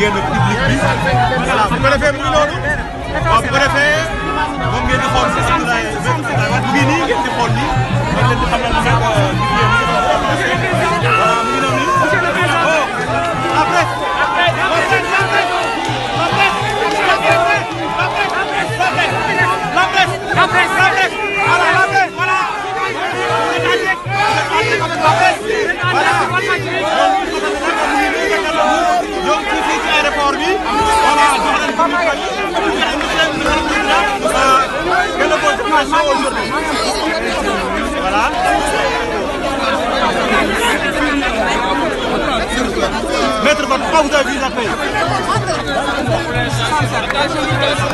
ngeen public bi voilà bu ko defee mu ngi noonu waaw bu ko defee moom ngeen di xool si Voilà. Maître, pourquoi vous avez vu la paix